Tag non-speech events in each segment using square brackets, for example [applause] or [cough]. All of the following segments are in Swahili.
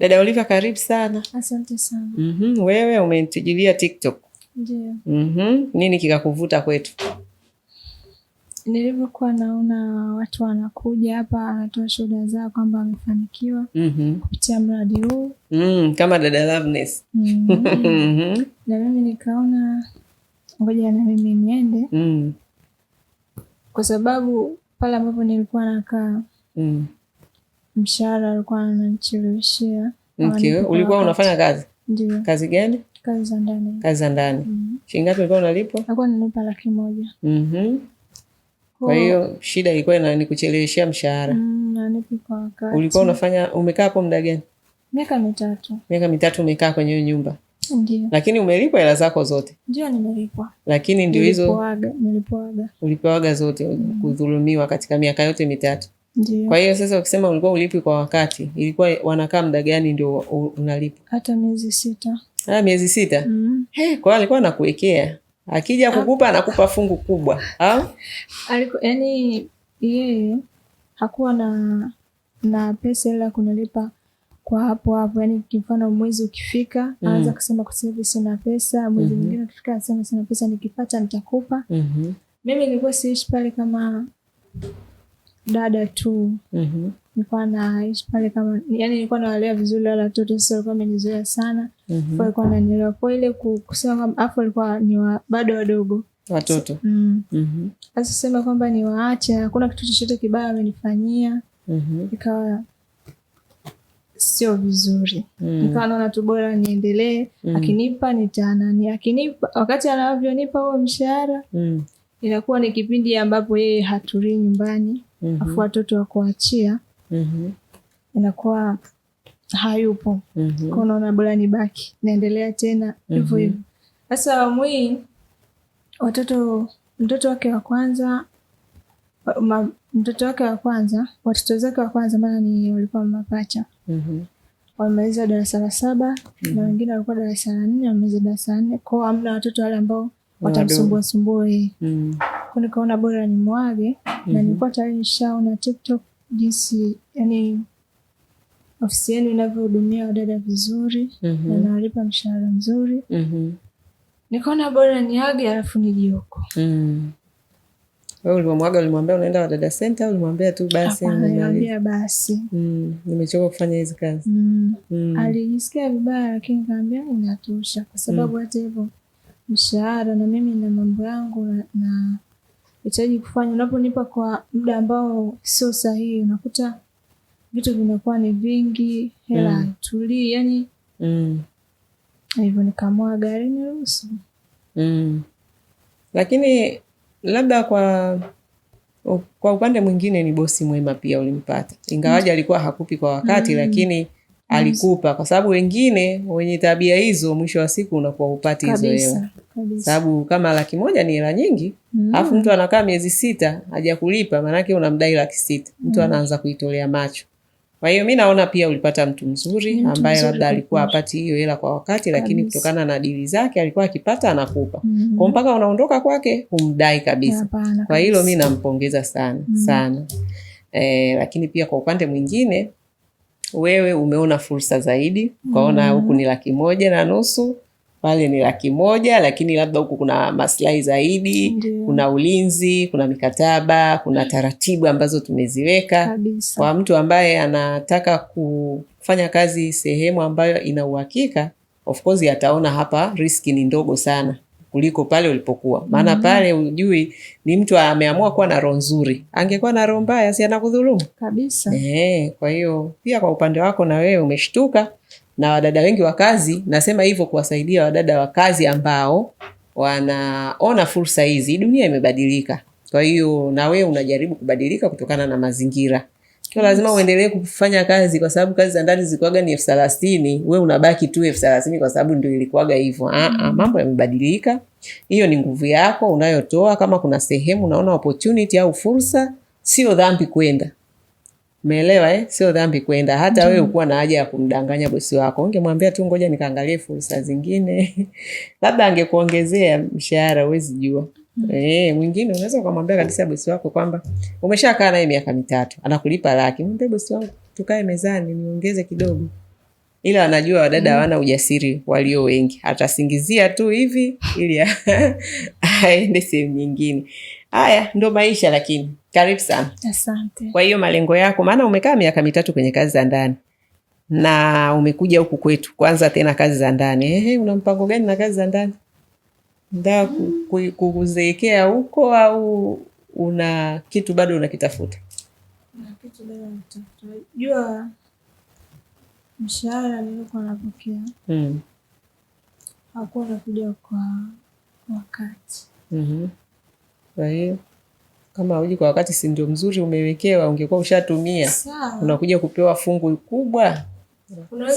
Dada Olivia, karibu sana. Asante sana. mm -hmm. Wewe umetujilia TikTok. Ndiyo. mm -hmm. Nini kikakuvuta kwetu? Nilivyokuwa naona watu wanakuja hapa, anatoa shuhuda zao kwamba wamefanikiwa mm -hmm. kupitia mradi huu mm, kama dada Loveness mm -hmm. na mimi nikaona ngoja na mimi niende mm. kwa sababu pale ambapo nilikuwa nakaa mm mshahara alikuwa anachirudishia. Okay, ulikuwa unafanya kazi? Ndio. Kazi gani? Kazi za ndani. Kazi za ndani. Mm -hmm. Shilingi ngapi ulikuwa unalipwa? Alikuwa ananipa laki moja. Mhm. Mm kwa hiyo shida ilikuwa ni kucheleweshea mshahara. Mm, ulikuwa unafanya umekaa hapo muda gani? Miaka mitatu. Miaka mitatu umekaa kwenye hiyo nyumba. Ndiyo. Lakini umelipwa hela zako zote? Ndio, nimelipwa. Lakini ndio hizo nilipoaga, nilipoaga ulipoaga zote mm. kudhulumiwa katika miaka yote mitatu. Ndiyo. Kwa hiyo sasa ukisema ulikuwa ulipi kwa wakati, ilikuwa wanakaa muda gani ndio unalipa? Hata miezi sita. Ah, miezi sita. Mm. He, kwa hiyo alikuwa anakuwekea. Akija ah. kukupa anakupa fungu kubwa. Au? Alikuwa yani yeye hakuwa na na pesa ila kunalipa kwa hapo hapo, yani kimfano mwezi ukifika mm. anaanza kusema kwa sababu sina pesa, mwezi mm-hmm. mwingine mm -hmm. ukifika anasema sina pesa, nikipata nitakupa. Mm -hmm. Mimi nilikuwa siishi pale kama dada tu mm-hmm. Nilikuwa naishi pale kama yani, nilikuwa nawalea vizuri wala watoto, sasa walikuwa amenizoea sana mm-hmm. Kwa alikuwa naendelea kwa ile kusema kwamba afu walikuwa ni wa, bado wadogo watoto mm. mm-hmm. Sasa sema kwamba niwaache, hakuna kitu chochote kibaya amenifanyia mm-hmm. Ikawa sio vizuri mm. Nikawa naona tu bora niendelee mm. Akinipa nitanani, akinipa wakati anavyonipa huo mshahara mm. Inakuwa ni kipindi ambapo yeye haturii nyumbani mm -hmm. afu watoto wa kuachia mm -hmm. inakuwa hayupo mm -hmm. kwa unaona bora baki naendelea tena hivyo mm sasa -hmm. sasa mwi watoto mtoto wake wa kwanza ma, mtoto wake wa kwanza watoto zake wa kwanza maana ni walikuwa mapacha mm -hmm. wamemaliza darasa la saba mm -hmm. na mm-hmm. wengine walikuwa darasa la nne wamemaliza darasa la nne kwao, amna watoto wale ambao watamsumbua sumbua mm -hmm nikaona bora ni mwage mm -hmm. na mhm. nilikuwa tayari nishaona TikTok jinsi yani ofisi yenu inavyohudumia wadada vizuri mm -hmm. na nawalipa mshahara mzuri mm -hmm. nikaona bora niage alafu nijioko mm. Wewe ulimwaga, ulimwambia unaenda Wadada Senta ulimwambia tu basi? Nilimwambia basi, mm, nimechoka kufanya hizi kazi mm. mm. Alijisikia vibaya, lakini kaambia inatosha, kwa sababu mm. hata mm. hivyo mshahara na mimi na mambo yangu na, na hitaji kufanya. Unaponipa kwa muda ambao sio sahihi, unakuta vitu vinakuwa ni vingi, hela mm. mm. yani mm. hivyo nikamua gari niruhusu mm. Lakini labda kwa kwa upande mwingine ni bosi mwema pia ulimpata, ingawaji alikuwa hakupi kwa wakati mm. lakini alikupa, kwa sababu wengine wenye tabia hizo mwisho wa siku unakuwa upati hizo hela, sababu kama laki moja ni hela nyingi mm. Alafu mtu anakaa miezi sita hajakulipa, maanake unamdai laki sita, mtu mm. anaanza kuitolea macho. Kwa hiyo mi naona pia ulipata mtu mzuri mtu ambaye labda alikuwa apati hiyo hela kwa wakati kabisa, lakini kutokana na dili zake alikuwa akipata anakupa mm. kwa mpaka unaondoka kwake humdai kabisa. Kwa hilo mi nampongeza sana mm. sana eh, lakini pia kwa upande mwingine wewe umeona fursa zaidi, ukaona mm. huku ni laki moja na nusu pale ni laki moja lakini labda huku kuna maslahi zaidi Ndiyo. kuna ulinzi, kuna mikataba, kuna taratibu ambazo tumeziweka kabisa. Kwa mtu ambaye anataka kufanya kazi sehemu ambayo ina uhakika, of course ataona hapa riski ni ndogo sana kuliko pale ulipokuwa, maana mm-hmm. pale ujui ni mtu ameamua kuwa na roho nzuri. Angekuwa na roho mbaya, si anakudhulumu kabisa. e, kwa hiyo pia kwa upande wako na wewe umeshtuka, na wadada wengi wa kazi, nasema hivyo kuwasaidia wadada wa kazi ambao wanaona fursa hizi. Dunia imebadilika, kwa hiyo na wewe unajaribu kubadilika kutokana na mazingira. Kwa lazima uendelee kufanya kazi kwa sababu kazi za ndani zilikuwaga ni elfu thelathini, we unabaki tu elfu thelathini kwa sababu ndio ilikuwaga hivyo. Ah, ah mm-hmm. mambo yamebadilika. Hiyo ni nguvu yako unayotoa. Kama kuna sehemu unaona opportunity au fursa, sio dhambi kwenda. Umeelewa eh? Sio dhambi kwenda. Hata wewe mm-hmm. ukuwa na haja ya kumdanganya bosi wako, ungemwambia tu, ngoja nikaangalie fursa zingine [laughs] labda angekuongezea mshahara, huwezi jua. Mm. Eh, E, mwingine unaweza ukamwambia kabisa bosi wako kwamba umeshakaa naye miaka mitatu anakulipa laki, mwambie bosi wangu, tukae mezani niongeze kidogo. Ila anajua wadada mm. hawana mm. ujasiri walio wengi, atasingizia tu hivi ili [laughs] aende sehemu nyingine. Haya ndo maisha, lakini karibu sana. Asante. Kwa hiyo malengo yako, maana umekaa miaka mitatu kwenye kazi za ndani na umekuja huku kwetu kwanza tena kazi za ndani. Ehe, una mpango gani na kazi za ndani? nda kuzeekea huko au una kitu bado unakitafuta? Jua mshahara nilikuwa napokea mm. akuwa nakuja kwa wakati mm -hmm. kama auji kwa wakati, si ndio mzuri umewekewa? Ungekuwa ushatumia unakuja kupewa fungu kubwa,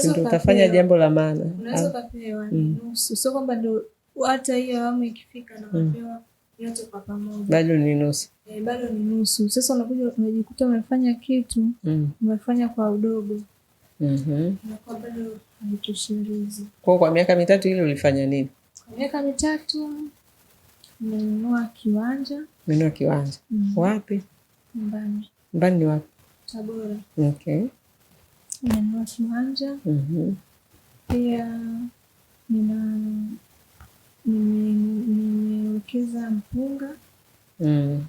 sindo utafanya jambo la maana hata hiyo awamu ikifika na napewa hmm. yote kwa pamoja, bado ni nusu e, bado ni nusu. Sasa unakuja unajikuta umefanya kitu mm. umefanya kwa udogo mm -hmm. nakuwa bado haitoshelezi. Kwa kwa miaka mitatu ile ulifanya nini? Kwa miaka mitatu nimenunua kiwanja. Menunua kiwanja mm. wapi? Mbani. Mbani ni wapi? Tabora. Okay. Nimenunua kiwanja mm -hmm. pia nina nimewekeza mpunga mm.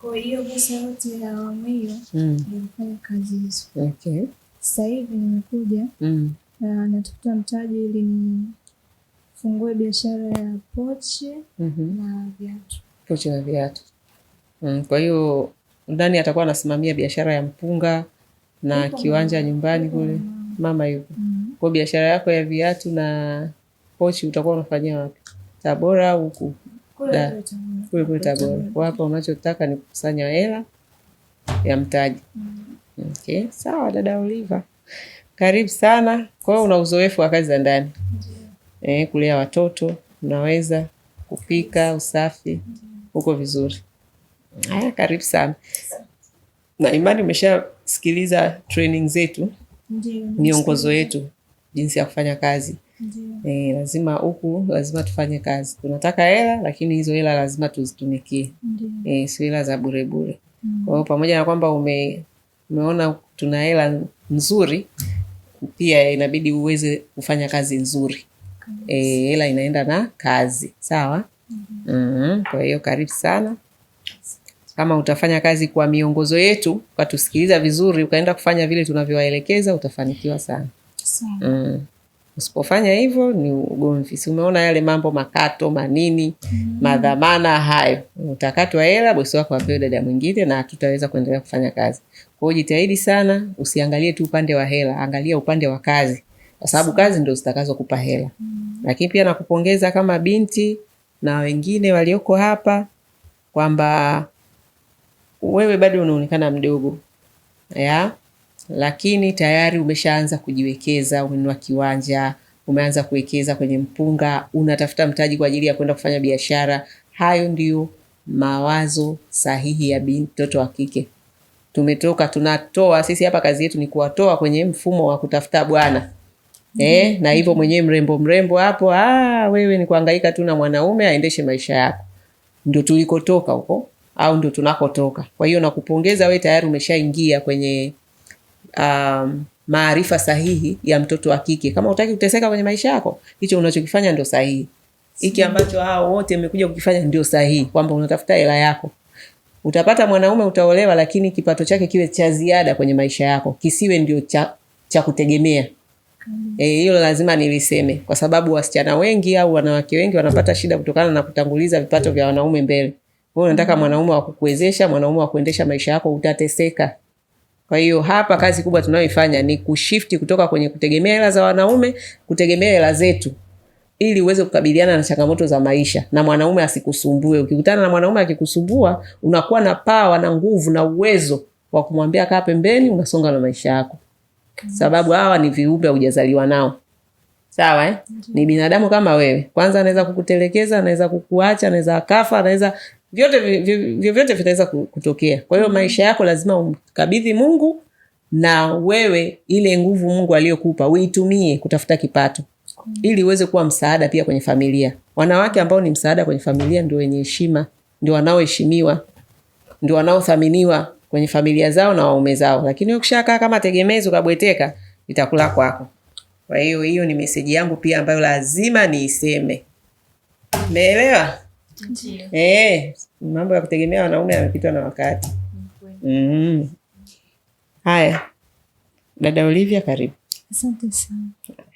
Kwa hiyo pesa yote ya awamu hiyo mm. nilifanya kazi hizo. Okay. Sasa hivi nimekuja mm. uh, natafuta mtaji ili nifungue biashara ya pochi mm -hmm. na viatu, pochi na viatu mm. Kwa hiyo ndani atakuwa anasimamia biashara ya mpunga na kiwanja nyumbani kule, mama yuko. mm -hmm. Kwa biashara yako ya viatu na pochi utakuwa unafanyia wapi? Tabora au huku kule kule Tabora? Wapa unachotaka ni kukusanya hela ya mtaji. Mm. Okay, sawa dada Oliva, karibu sana. Kwa hiyo una uzoefu wa kazi za ndani eh, kulea watoto unaweza, kupika, usafi huko vizuri. Mm. Haya, karibu sana na imani, umeshasikiliza training zetu, miongozo yetu jinsi ya kufanya kazi E, lazima huku lazima tufanye kazi, tunataka hela lakini hizo hela lazima tuzitumikie E, sio hela za bure bure. Mm. Kwa hiyo pamoja na kwamba ume, umeona tuna hela nzuri, pia inabidi uweze kufanya kazi nzuri. E, hela e, inaenda na kazi sawa. Mm, -hmm. kwa hiyo karibu sana kama utafanya kazi kwa miongozo yetu ukatusikiliza vizuri ukaenda kufanya vile tunavyowaelekeza utafanikiwa sana, sana. Mm. Usipofanya hivyo ni ugomvi. Si umeona yale mambo makato manini mm. madhamana hayo, utakatwa hela, bosi wako apewe dada mwingine, na tutaweza kuendelea kufanya kazi. Kwa hiyo jitahidi sana, usiangalie tu upande wa hela, angalia upande wa kazi, kwa sababu kazi ndio zitakazo kupa hela mm. Lakini pia nakupongeza kama binti na wengine walioko hapa kwamba wewe bado unaonekana mdogo ya yeah? lakini tayari umeshaanza kujiwekeza, umenunua kiwanja, umeanza kuwekeza kwenye mpunga, unatafuta mtaji kwa ajili ya kwenda kufanya biashara. Hayo ndiyo mawazo sahihi ya mtoto wa kike. Tumetoka tunatoa sisi hapa, kazi yetu ni kuwatoa kwenye mfumo wa kutafuta bwana mm-hmm. Eh, na hivyo mwenyewe mrembo mrembo hapo, ah, wewe ni kuhangaika tu na mwanaume aendeshe maisha yako. Ndio tulikotoka huko au ndio tunakotoka. Kwa hiyo nakupongeza, we tayari umeshaingia kwenye um, maarifa sahihi ya mtoto wa kike. Kama utaki kuteseka kwenye maisha yako, hicho unachokifanya ndio sahihi. Hiki ambacho hao wote mmekuja kukifanya ndio sahihi, kwamba unatafuta hela yako. Utapata mwanaume, utaolewa, lakini kipato chake kiwe cha ziada kwenye maisha yako, kisiwe ndio cha, cha kutegemea. Mm. Eh, hilo e, lazima niliseme kwa sababu wasichana wengi au wanawake wengi wanapata shida kutokana na kutanguliza vipato vya wanaume mbele. Wewe unataka mwanaume wa kukuwezesha, mwanaume wa kuendesha maisha yako, utateseka. Kwa hiyo hapa kazi kubwa tunayoifanya ni kushifti kutoka kwenye kutegemea hela za wanaume kutegemea hela zetu ili uweze kukabiliana na changamoto za maisha na mwanaume asikusumbue. Ukikutana na mwanaume akikusumbua, unakuwa na pawa na nguvu na uwezo wa kumwambia kaa pembeni, unasonga na maisha yako, sababu hawa ni viumbe hujazaliwa nao. Sawa eh? mm -hmm. Ni binadamu kama wewe. Kwanza anaweza kukutelekeza, anaweza kukuacha, anaweza akafa, anaweza vyote vyovyote vitaweza kutokea. Kwa hiyo mm -hmm. maisha yako lazima umkabidhi Mungu na wewe ile nguvu Mungu aliyokupa uitumie kutafuta kipato mm -hmm. ili uweze kuwa msaada pia kwenye familia. Wanawake ambao ni msaada kwenye familia ndio wenye heshima, ndio wanaoheshimiwa, ndio wanaothaminiwa kwenye familia zao na waume zao, lakini ukishakaa kama tegemezi ukabweteka, itakula kwako. Kwa hiyo hiyo ni meseji yangu pia ambayo lazima niiseme. Umeelewa? Eh, mambo ya kutegemea wanaume yamepitwa na wakati. Mm. Haya. Dada Olivia karibu. Asante sana.